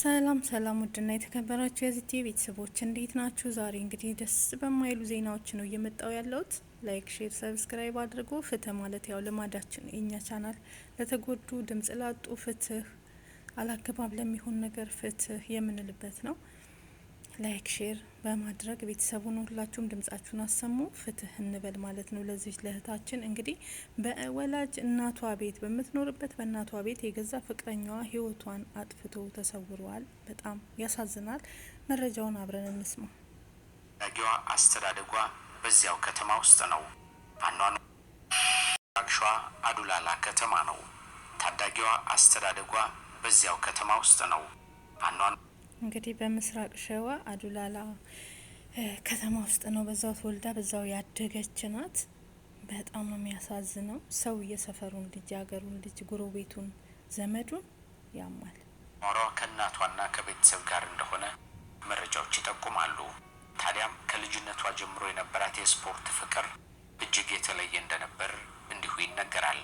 ሰላም ሰላም ውድና የተከበራችሁ የዚቲ ቤተሰቦች እንዴት ናችሁ? ዛሬ እንግዲህ ደስ በማይሉ ዜናዎች ነው እየመጣው ያለውት። ላይክ፣ ሼር፣ ሰብስክራይብ አድርጎ ፍትህ ማለት ያው ልማዳችን የኛ ቻናል ለተጎዱ ድምጽ ላጡ ፍትህ አላገባብ ለሚሆን ነገር ፍትህ የምንልበት ነው። ላይክ ሼር በማድረግ ቤተሰቡን ሁላችሁም ድምጻችሁን አሰሙ። ፍትህ እንበል ማለት ነው። ለዚች ለእህታችን እንግዲህ በወላጅ እናቷ ቤት በምትኖርበት በእናቷ ቤት የገዛ ፍቅረኛዋ ህይወቷን አጥፍቶ ተሰውሯል። በጣም ያሳዝናል። መረጃውን አብረን እንስማ። ነገዋ አስተዳደጓ በዚያው ከተማ ውስጥ ነው። አኗኗ አክሿ አዱላላ ከተማ ነው። ታዳጊዋ አስተዳደጓ በዚያው ከተማ ውስጥ ነው። አኗኗ እንግዲህ በምስራቅ ሸዋ አዱላላ ከተማ ውስጥ ነው በዛው ተወልዳ በዛው ያደገች ናት። በጣም ነው የሚያሳዝነው። ሰው የሰፈሩን ልጅ የሀገሩን ልጅ ጎረቤቱን ዘመዱን ያማል። ኖሮ ከእናቷና ከቤተሰብ ጋር እንደሆነ መረጃዎች ይጠቁማሉ። ታዲያም ከልጅነቷ ጀምሮ የነበራት የስፖርት ፍቅር እጅግ የተለየ እንደነበር እንዲሁ ይነገራል።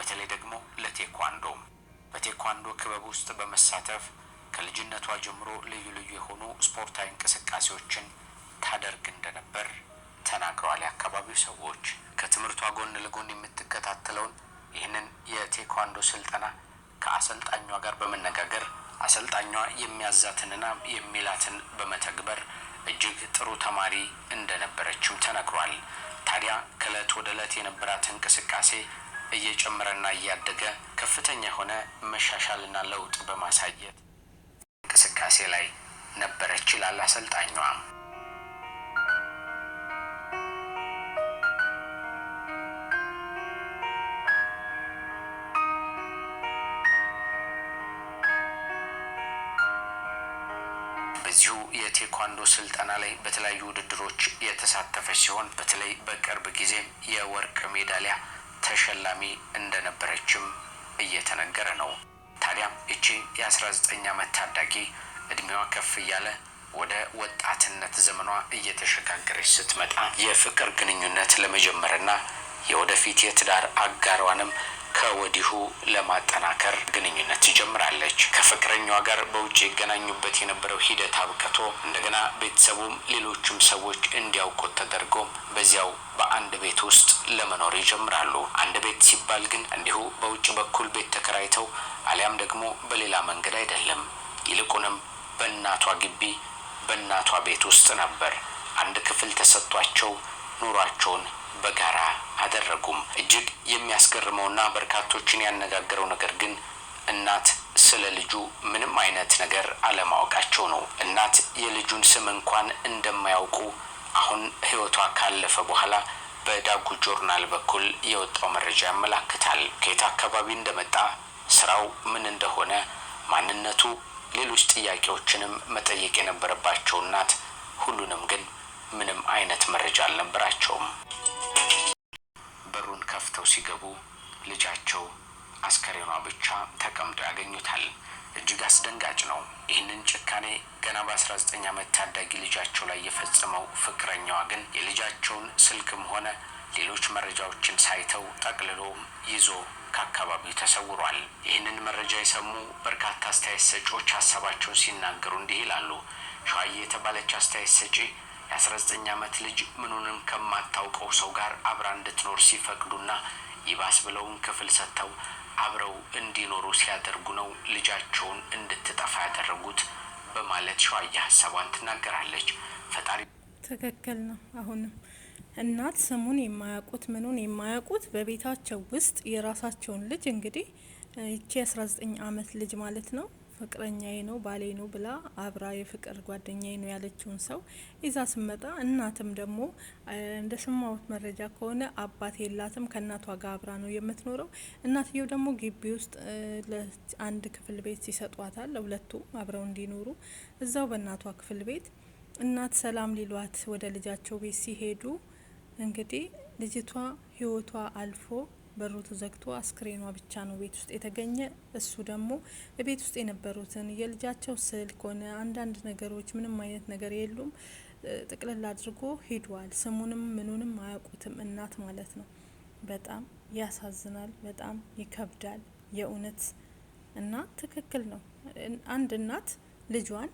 በተለይ ደግሞ ለቴኳንዶ በቴኳንዶ ክበብ ውስጥ በመሳተፍ ከልጅነቷ ጀምሮ ልዩ ልዩ የሆኑ ስፖርታዊ እንቅስቃሴዎችን ታደርግ እንደነበር ተናግረዋል። የአካባቢው ሰዎች ከትምህርቷ ጎን ለጎን የምትከታተለውን ይህንን የቴኳንዶ ስልጠና ከአሰልጣኟ ጋር በመነጋገር አሰልጣኟ የሚያዛትንና የሚላትን በመተግበር እጅግ ጥሩ ተማሪ እንደነበረችው ተነግሯል። ታዲያ ከእለት ወደ ዕለት የነበራት እንቅስቃሴ እየጨመረና እያደገ ከፍተኛ የሆነ መሻሻልና ለውጥ በማሳየት እንቅስቃሴ ላይ ነበረች ይላል አሰልጣኟ። በዚሁ የቴኳንዶ ስልጠና ላይ በተለያዩ ውድድሮች የተሳተፈች ሲሆን በተለይ በቅርብ ጊዜም የወርቅ ሜዳሊያ ተሸላሚ እንደነበረችም እየተነገረ ነው። ታዲያም እቺ የ19 ዓመት ታዳጊ እድሜዋ ከፍ እያለ ወደ ወጣትነት ዘመኗ እየተሸጋገረች ስትመጣ የፍቅር ግንኙነት ለመጀመርና የወደፊት የትዳር አጋሯንም ከወዲሁ ለማጠናከር ግንኙነት ትጀምራለች። ከፍቅረኛዋ ጋር በውጭ ይገናኙበት የነበረው ሂደት አብቅቶ እንደገና ቤተሰቡም ሌሎችም ሰዎች እንዲያውቁት ተደርጎ በዚያው በአንድ ቤት ውስጥ ለመኖር ይጀምራሉ። አንድ ቤት ሲባል ግን እንዲሁ በውጭ በኩል ቤት ተከራይተው አሊያም ደግሞ በሌላ መንገድ አይደለም። ይልቁንም በእናቷ ግቢ በእናቷ ቤት ውስጥ ነበር። አንድ ክፍል ተሰጥቷቸው ኑሯቸውን በጋራ አደረጉም። እጅግ የሚያስገርመውና በርካቶችን ያነጋገረው ነገር ግን እናት ስለ ልጁ ምንም አይነት ነገር አለማወቃቸው ነው። እናት የልጁን ስም እንኳን እንደማያውቁ አሁን ሕይወቷ ካለፈ በኋላ በዳጉ ጆርናል በኩል የወጣው መረጃ ያመላክታል። ከየት አካባቢ እንደመጣ ስራው ምን እንደሆነ ማንነቱ ሌሎች ጥያቄዎችንም መጠየቅ የነበረባቸው እናት ሁሉንም ግን ምንም አይነት መረጃ አልነበራቸውም። በሩን ከፍተው ሲገቡ ልጃቸው አስከሬኗ ብቻ ተቀምጦ ያገኙታል። እጅግ አስደንጋጭ ነው። ይህንን ጭካኔ ገና በ19 ዓመት ታዳጊ ልጃቸው ላይ የፈጸመው ፍቅረኛዋ ግን የልጃቸውን ስልክም ሆነ ሌሎች መረጃዎችን ሳይተው ጠቅልሎ ይዞ ከአካባቢው ተሰውሯል። ይህንን መረጃ የሰሙ በርካታ አስተያየት ሰጪዎች ሀሳባቸውን ሲናገሩ እንዲህ ይላሉ። ሸዋዬ የተባለች አስተያየት ሰጪ የ19 ዓመት ልጅ ምኑንም ከማታውቀው ሰው ጋር አብራ እንድትኖር ሲፈቅዱና ይባስ ብለውን ክፍል ሰጥተው አብረው እንዲኖሩ ሲያደርጉ ነው ልጃቸውን እንድትጠፋ ያደረጉት በማለት ሸዋዬ ሀሳቧን ትናገራለች። ፈጣሪ ትክክል ነው አሁንም እናት ስሙን የማያውቁት ምኑን የማያውቁት በቤታቸው ውስጥ የራሳቸውን ልጅ እንግዲህ ይቺ አስራ ዘጠኝ አመት ልጅ ማለት ነው ፍቅረኛዬ ነው ባሌ ነው ብላ አብራ የፍቅር ጓደኛዬ ነው ያለችውን ሰው ይዛ ስመጣ እናትም ደግሞ እንደ ሰማሁት መረጃ ከሆነ አባት የላትም ከእናቷ ጋር አብራ ነው የምትኖረው። እናትየው ደግሞ ግቢ ውስጥ አንድ ክፍል ቤት ይሰጧታል ለሁለቱም አብረው እንዲኖሩ እዛው በእናቷ ክፍል ቤት እናት ሰላም ሊሏት ወደ ልጃቸው ቤት ሲሄዱ እንግዲህ ልጅቷ ህይወቷ አልፎ በሩ ተዘግቶ አስክሬኗ ብቻ ነው ቤት ውስጥ የተገኘ። እሱ ደግሞ ቤት ውስጥ የነበሩትን የልጃቸው ስልክ ሆነ አንዳንድ ነገሮች ምንም አይነት ነገር የሉም። ጥቅልል አድርጎ ሂዷል። ስሙንም ምኑንም አያውቁትም እናት ማለት ነው። በጣም ያሳዝናል። በጣም ይከብዳል የእውነት እና ትክክል ነው አንድ እናት ልጇን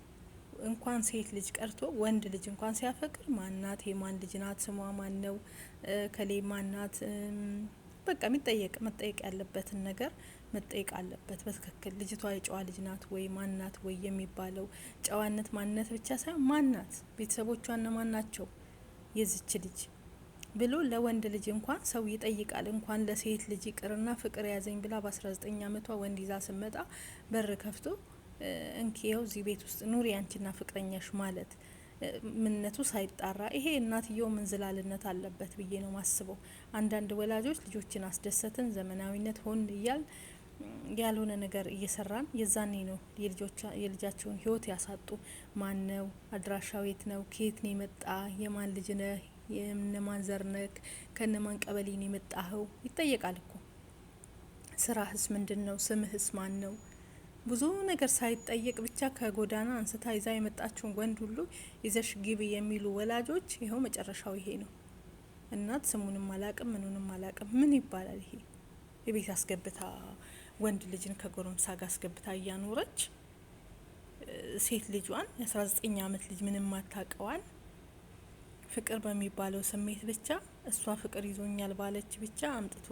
እንኳን ሴት ልጅ ቀርቶ ወንድ ልጅ እንኳን ሲያፈቅር ማናት የማን ልጅ ናት፣ ስሟ ማን ነው፣ ከሌ ማናት፣ በቃ የሚጠየቅ መጠየቅ ያለበትን ነገር መጠየቅ አለበት በትክክል ልጅቷ የጨዋ ልጅ ናት ወይ ማናት ወይ የሚባለው ጨዋነት ማንነት ብቻ ሳይሆን ማናት፣ ቤተሰቦቿ እነማን ናቸው የዝች ልጅ ብሎ ለወንድ ልጅ እንኳን ሰው ይጠይቃል። እንኳን ለሴት ልጅ ይቅርና ፍቅር ያዘኝ ብላ በ19 ዓመቷ ወንድ ይዛ ስመጣ በር ከፍቶ እንኪየው እዚህ ቤት ውስጥ ኑሪ አንቺና ፍቅረኛሽ ማለት ምንነቱ ሳይጣራ ይሄ እናትየው ምንዝላልነት አለበት ብዬ ነው ማስበው። አንዳንድ ወላጆች ልጆችን አስደሰትን ዘመናዊነት ሆን እያል ያልሆነ ነገር እየሰራን የዛኔ ነው የልጃቸውን ህይወት ያሳጡ። ማን ነው አድራሻው? የት ነው? ከየት ነው የመጣ? የማን ልጅ ነህ? የእነማን ዘር ከነማን ቀበሌ ነው የመጣኸው? ይጠየቃል እኮ ስራህስ ምንድን ነው? ስምህስ ማን ነው? ብዙ ነገር ሳይጠየቅ ብቻ ከጎዳና አንስታ ይዛ የመጣችውን ወንድ ሁሉ ይዘሽ ግቢ የሚሉ ወላጆች ይኸው መጨረሻው ይሄ ነው። እናት ስሙንም አላቅም ምኑንም አላቅም። ምን ይባላል ይሄ? የቤት አስገብታ ወንድ ልጅን ከጎረምሳ ጋር አስገብታ እያኖረች ሴት ልጇን የአስራ ዘጠኝ አመት ልጅ ምንም አታቀዋል? ፍቅር በሚባለው ስሜት ብቻ እሷ ፍቅር ይዞኛል ባለች ብቻ አምጥቶ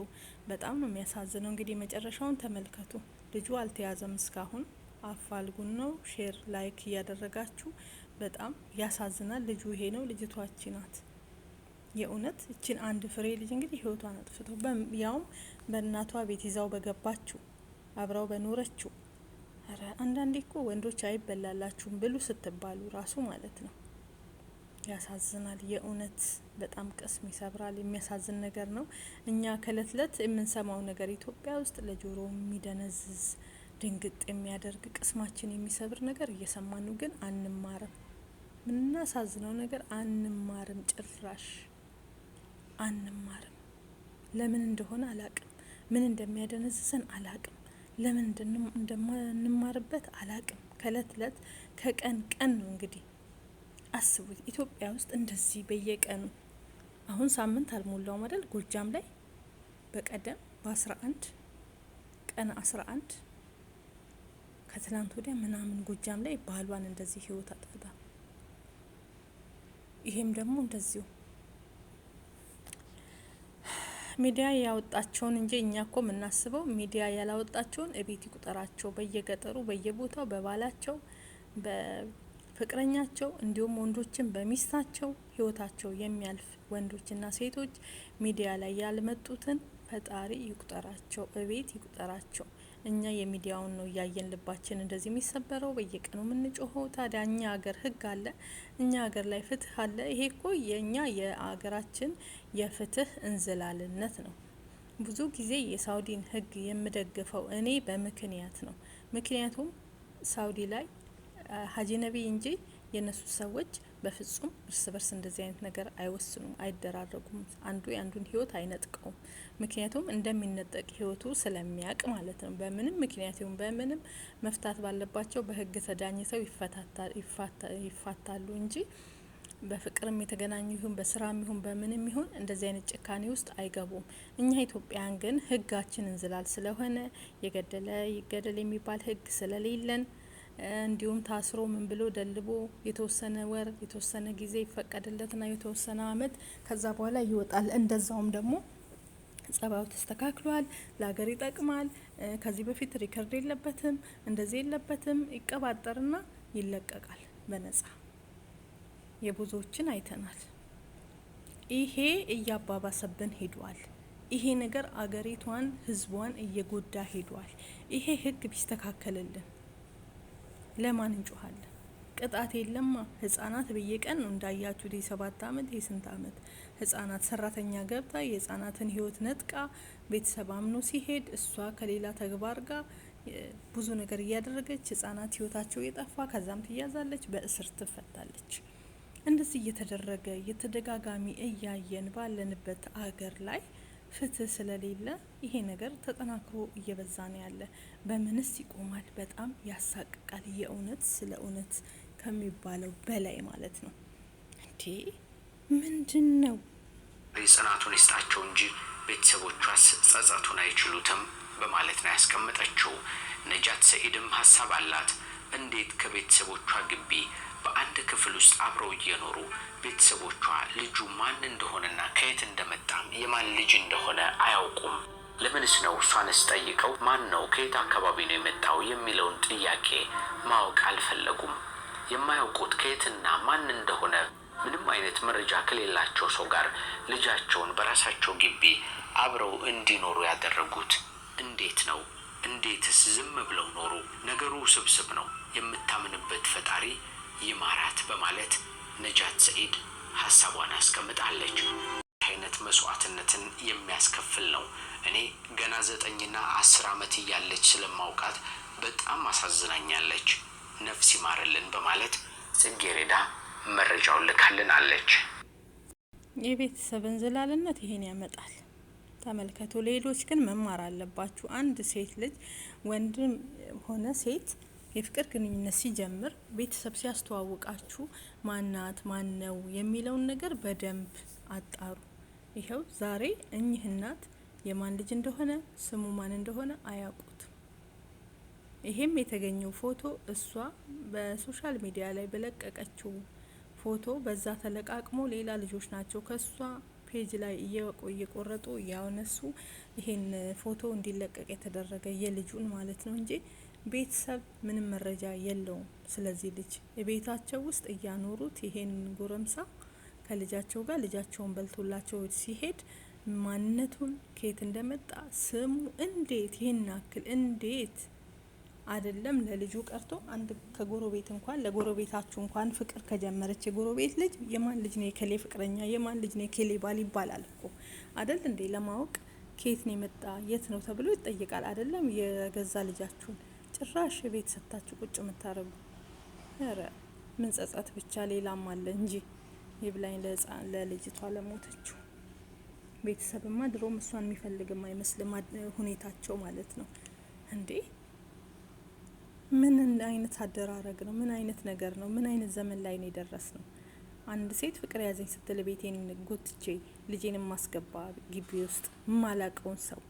በጣም ነው የሚያሳዝነው። እንግዲህ መጨረሻውን ተመልከቱ። ልጁ አልተያዘም እስካሁን። አፋልጉን ነው ሼር ላይክ እያደረጋችሁ በጣም ያሳዝናል። ልጁ ይሄ ነው፣ ልጅቷች ናት። የእውነት እችን አንድ ፍሬ ልጅ እንግዲህ ህይወቷን አጥፍተው ያውም በእናቷ ቤት ይዛው በገባችሁ አብረው በኖረችው። አንዳንዴ እኮ ወንዶች አይበላላችሁም ብሉ ስትባሉ ራሱ ማለት ነው ያሳዝናል። የእውነት በጣም ቅስም ይሰብራል። የሚያሳዝን ነገር ነው። እኛ ከእለት እለት የምንሰማው ነገር ኢትዮጵያ ውስጥ ለጆሮ የሚደነዝዝ ድንግጥ የሚያደርግ ቅስማችን የሚሰብር ነገር እየሰማን ነው፣ ግን አንማርም። የምናሳዝነው ነገር አንማርም፣ ጭራሽ አንማርም። ለምን እንደሆነ አላቅም። ምን እንደሚያደነዝዘን አላቅም። ለምን እንደማንማርበት አላቅም። ከእለት እለት ከቀን ቀን ነው እንግዲህ አስቡት ኢትዮጵያ ውስጥ እንደዚህ በየቀኑ አሁን ሳምንት አልሞላው መደል ጎጃም ላይ በቀደም በ11 ቀን 11 ከትላንት ወዲያ ምናምን ጎጃም ላይ ባሏን እንደዚህ ህይወት አጥፍታ፣ ይሄም ደግሞ እንደዚሁ ሚዲያ ያወጣቸውን እንጂ እኛ ኮ የምናስበው ሚዲያ ያላወጣቸውን እቤት ይቁጠራቸው በየገጠሩ በየቦታው በባላቸው ፍቅረኛቸው እንዲሁም ወንዶችን በሚስታቸው ህይወታቸው የሚያልፍ ወንዶችና ሴቶች ሚዲያ ላይ ያልመጡትን ፈጣሪ ይቁጠራቸው፣ እቤት ይቁጠራቸው። እኛ የሚዲያውን ነው እያየን ልባችን እንደዚህ የሚሰበረው በየቀኑ የምንጮኸው። ታዲያ እኛ ሀገር ህግ አለ፣ እኛ ሀገር ላይ ፍትህ አለ። ይሄ እኮ የእኛ የሀገራችን የፍትህ እንዝላልነት ነው። ብዙ ጊዜ የሳውዲን ህግ የምደግፈው እኔ በምክንያት ነው። ምክንያቱም ሳውዲ ላይ ነቢ እንጂ የእነሱ ሰዎች በፍጹም እርስ በርስ እንደዚህ አይነት ነገር አይወስኑም፣ አይደራረጉም። አንዱ የአንዱን ህይወት አይነጥቀውም። ምክንያቱም እንደሚነጠቅ ህይወቱ ስለሚያውቅ ማለት ነው። በምንም ምክንያት ይሁን በምንም መፍታት ባለባቸው በህግ ተዳኝተው ይፋታሉ እንጂ በፍቅርም የተገናኙ ይሁን በስራም ይሁን በምንም ይሁን እንደዚህ አይነት ጭካኔ ውስጥ አይገቡም። እኛ ኢትዮጵያን ግን ህጋችን እንዝላል ስለሆነ የገደለ ይገደል የሚባል ህግ ስለሌለን እንዲሁም ታስሮ ምን ብሎ ደልቦ የተወሰነ ወር የተወሰነ ጊዜ ይፈቀድለትና የተወሰነ አመት ከዛ በኋላ ይወጣል። እንደዛውም ደግሞ ጸባዩ ተስተካክሏል፣ ለሀገር ይጠቅማል፣ ከዚህ በፊት ሪከርድ የለበትም፣ እንደዚህ የለበትም፣ ይቀባጠርና ይለቀቃል በነጻ የብዙዎችን አይተናል። ይሄ እያባባሰብን ሄዷል። ይሄ ነገር አገሪቷን ህዝቧን እየጎዳ ሄዷል። ይሄ ህግ ቢስተካከልልን ለማን እንጮኋለን? ቅጣት የለማ። ህጻናት በየቀን ነው እንዳያችሁት፣ የሰባት አመት የስንት አመት ህጻናት ሰራተኛ ገብታ የህጻናትን ህይወት ነጥቃ ቤተሰብ አምኖ ሲሄድ እሷ ከሌላ ተግባር ጋር ብዙ ነገር እያደረገች ህጻናት ህይወታቸው የጠፋ ከዛም ትያዛለች፣ በእስር ትፈታለች። እንደዚህ እየተደረገ የተደጋጋሚ እያየን ባለንበት አገር ላይ ፍትህ ስለሌለ ይሄ ነገር ተጠናክሮ እየበዛ ነው ያለ። በምንስ ይቆማል? በጣም ያሳቅቃል። የእውነት ስለ እውነት ከሚባለው በላይ ማለት ነው። እንዴ ምንድን ነው? ጽናቱን ይስጣቸው እንጂ ቤተሰቦቿስ ጸጸቱን አይችሉትም በማለት ነው ያስቀመጠችው። ነጃት ሰኢድም ሀሳብ አላት። እንዴት ከቤተሰቦቿ ግቢ በአንድ ክፍል ውስጥ አብረው እየኖሩ ቤተሰቦቿ ልጁ ማን እንደሆነና ከየት እንደመጣም የማን ልጅ እንደሆነ አያውቁም። ለምንስ ነው እሷንስ ጠይቀው ማን ነው ከየት አካባቢ ነው የመጣው የሚለውን ጥያቄ ማወቅ አልፈለጉም። የማያውቁት ከየትና ማን እንደሆነ ምንም አይነት መረጃ ከሌላቸው ሰው ጋር ልጃቸውን በራሳቸው ግቢ አብረው እንዲኖሩ ያደረጉት እንዴት ነው? እንዴትስ ዝም ብለው ኖሩ? ነገሩ ውስብስብ ነው። የምታምንበት ፈጣሪ ይማራት በማለት ነጃት ሰኢድ ሀሳቧን አስቀምጣለች። አይነት መስዋዕትነትን የሚያስከፍል ነው። እኔ ገና ዘጠኝና አስር ዓመት እያለች ስለማውቃት በጣም አሳዝናኛለች። ነፍስ ይማርልን በማለት ጽጌሬዳ መረጃውን ልካልናለች። የቤተሰብን ዘላልነት ይሄን ያመጣል። ተመልከቱ። ሌሎች ግን መማር አለባችሁ። አንድ ሴት ልጅ ወንድም ሆነ ሴት የፍቅር ግንኙነት ሲጀምር ቤተሰብ ሲያስተዋውቃችሁ ማናት ማን ነው የሚለውን ነገር በደንብ አጣሩ። ይኸው ዛሬ እኚህ እናት የማን ልጅ እንደሆነ ስሙ ማን እንደሆነ አያውቁት? ይሄም የተገኘው ፎቶ እሷ በሶሻል ሚዲያ ላይ በለቀቀችው ፎቶ በዛ ተለቃቅሞ ሌላ ልጆች ናቸው ከእሷ ፔጅ ላይ እየቆረጡ እያነሱ ይሄን ፎቶ እንዲለቀቅ የተደረገ የልጁን ማለት ነው እንጂ ቤተሰብ ምንም መረጃ የለውም ስለዚህ ልጅ። ቤታቸው ውስጥ እያኖሩት ይሄን ጎረምሳ ከልጃቸው ጋር ልጃቸውን በልቶላቸው ሲሄድ ማንነቱን ከየት እንደመጣ ስሙ እንዴት ይህን ያክል እንዴት አይደለም ለልጁ ቀርቶ አንድ ከጎረቤት እንኳን ለጎረቤታችሁ እንኳን ፍቅር ከጀመረች የጎረቤት ልጅ የማን ልጅ ነው የከሌ ፍቅረኛ የማን ልጅ ነው የከሌ ባል ይባላል እኮ አደል እንዴ? ለማወቅ ከየት ነው የመጣ የት ነው ተብሎ ይጠይቃል። አይደለም የገዛ ልጃችሁን ጭራሽ ቤት ሰታችሁ ቁጭ የምታደርጉ ኧረ ምን ጸጸት ብቻ ሌላም አለ እንጂ ይብላኝ ለህፃን ለልጅቷ ለሞተችው ቤተሰብማ ድሮም እሷን የሚፈልግም አይመስልም ሁኔታቸው ማለት ነው እንዴ ምን አይነት አደራረግ ነው ምን አይነት ነገር ነው ምን አይነት ዘመን ላይ ነው የደረስ ነው አንድ ሴት ፍቅር ያዘኝ ስትል ቤቴን ጎትቼ ልጄን ማስገባ ግቢ ውስጥ ማላቀውን ሰው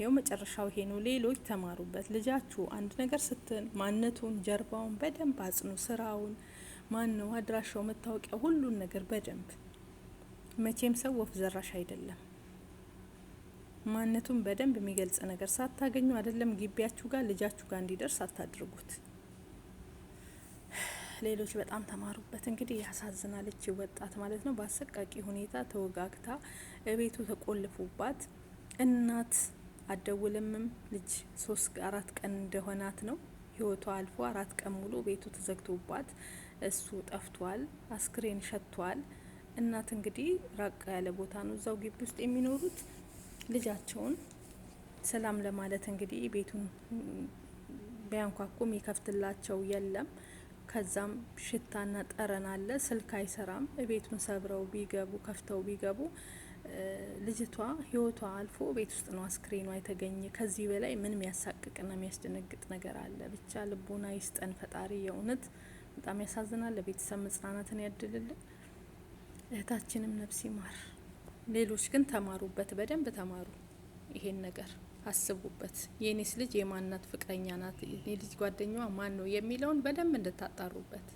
ይኸው መጨረሻው ይሄ ነው። ሌሎች ተማሩበት። ልጃችሁ አንድ ነገር ስትን ማንነቱን፣ ጀርባውን በደንብ አጽኑ። ስራውን፣ ማን ነው፣ አድራሻው፣ መታወቂያ፣ ሁሉን ነገር በደንብ መቼም ሰው ወፍ ዘራሽ አይደለም። ማንነቱን በደንብ የሚገልጽ ነገር ሳታገኙ አይደለም ግቢያችሁ ጋር ልጃችሁ ጋር እንዲደርስ አታድርጉት። ሌሎች በጣም ተማሩበት። እንግዲህ ያሳዝናለች ወጣት ማለት ነው። በአሰቃቂ ሁኔታ ተወጋግታ እቤቱ ተቆልፎባት እናት አደውልምም ልጅ ሶስት አራት ቀን እንደሆናት ነው ህይወቷ አልፎ አራት ቀን ሙሉ ቤቱ ተዘግቶባት እሱ ጠፍቷል። አስክሬን ሸጥቷል። እናት እንግዲህ ራቅ ያለ ቦታ ነው እዛው ግቢ ውስጥ የሚኖሩት ልጃቸውን ሰላም ለማለት እንግዲህ ቤቱን ቢያንኳኩም ይከፍትላቸው የለም። ከዛም ሽታና ጠረን አለ። ስልክ አይሰራም። ቤቱን ሰብረው ቢገቡ ከፍተው ቢገቡ ልጅቷ ህይወቷ አልፎ ቤት ውስጥ ነው አስክሬኗ የተገኘ። ከዚህ በላይ ምን የሚያሳቅቅና የሚያስደነግጥ ነገር አለ? ብቻ ልቦና ይስጠን ፈጣሪ። የእውነት በጣም ያሳዝናል። ለቤተሰብ መጽናናትን ያድልልን። እህታችንም ነፍስ ይማር። ሌሎች ግን ተማሩበት፣ በደንብ ተማሩ። ይሄን ነገር አስቡበት። የኔስ ልጅ የማናት ፍቅረኛ ናት፣ የኔ ልጅ ጓደኛዋ ማን ነው የሚለውን በደንብ እንድታጣሩበት